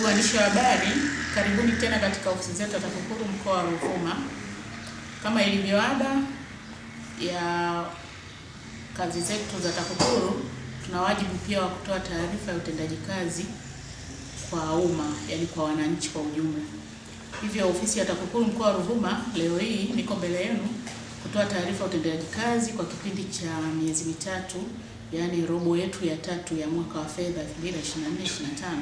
Ndugu waandishi wa habari, karibuni tena katika ofisi zetu za TAKUKURU mkoa wa Ruvuma. Kama ilivyo ada ya kazi zetu za TAKUKURU, tuna wajibu pia wa kutoa taarifa ya utendaji kazi kwa umma, yaani kwa wananchi kwa ujumla. Hivyo ofisi ya TAKUKURU mkoa wa Ruvuma leo hii niko mbele yenu kutoa taarifa ya utendaji kazi kwa kipindi cha miezi mitatu, yaani robo yetu ya tatu ya mwaka wa fedha 2024/2025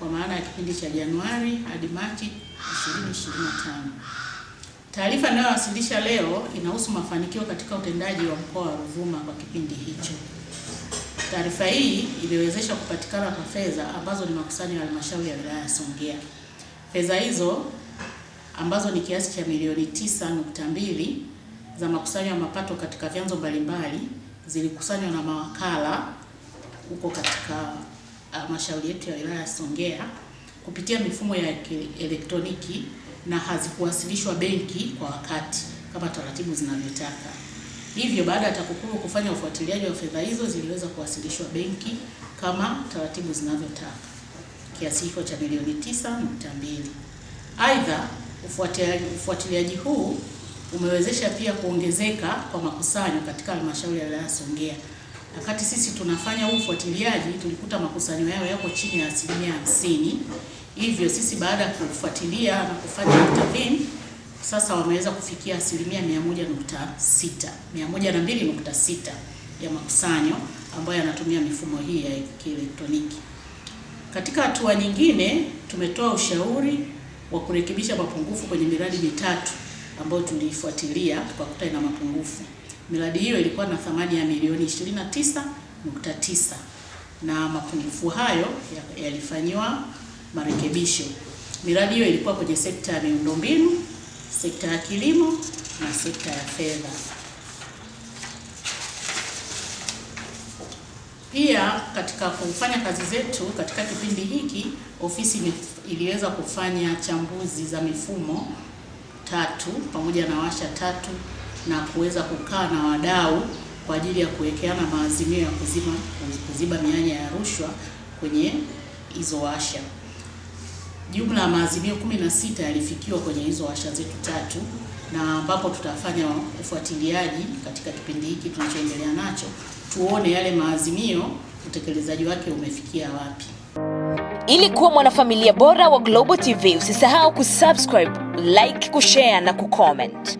kwa maana ya kipindi cha Januari hadi Machi 2025. Taarifa inayowasilisha leo inahusu mafanikio katika utendaji wa mkoa wa Ruvuma kwa kipindi hicho. Taarifa hii imewezesha kupatikana kwa fedha ambazo ni makusanyo ya halmashauri ya wilaya ya Songea. Fedha hizo ambazo ni kiasi cha milioni 9.2 za makusanyo ya mapato katika vyanzo mbalimbali zilikusanywa na mawakala huko katika halmashauri yetu ya wilaya Songea kupitia mifumo ya elektroniki na hazikuwasilishwa benki kwa wakati kama taratibu zinavyotaka. Hivyo baada ya TAKUKURU kufanya ufuatiliaji wa fedha hizo ziliweza kuwasilishwa benki kama taratibu zinavyotaka, kiasi hicho cha milioni 9.2. Aidha, ufuatiliaji ufuatiliaji huu umewezesha pia kuongezeka kwa makusanyo katika halmashauri ya wilaya Songea. Wakati sisi tunafanya huu ufuatiliaji, tulikuta makusanyo yao yako chini ya asilimia hamsini. Hivyo sisi baada ya kufuatilia na kufanya intervene, sasa wameweza kufikia asilimia 101.6 102.6 ya makusanyo ambayo yanatumia mifumo hii ya kielektroniki. Katika hatua nyingine, tumetoa ushauri wa kurekebisha mapungufu kwenye miradi mitatu ambayo tuliifuatilia tukakuta ina mapungufu. Miradi hiyo ilikuwa na thamani ya milioni 29.9 na mapungufu hayo yalifanyiwa marekebisho. Miradi hiyo ilikuwa kwenye sekta ya miundombinu, sekta ya kilimo na sekta ya fedha. Pia katika kufanya kazi zetu katika kipindi hiki, ofisi iliweza kufanya chambuzi za mifumo tatu pamoja na washa tatu na kuweza kukaa na wadau kwa ajili ya kuwekeana maazimio ya kuzima kuziba mianya ya rushwa kwenye hizo washa. Jumla ya maazimio 16 yalifikiwa kwenye hizo washa zetu tatu, na ambapo tutafanya ufuatiliaji katika kipindi hiki tunachoendelea nacho, tuone yale maazimio utekelezaji wake umefikia wapi. Ili kuwa mwanafamilia bora wa Global TV, usisahau kusubscribe, like, kushare na kucomment.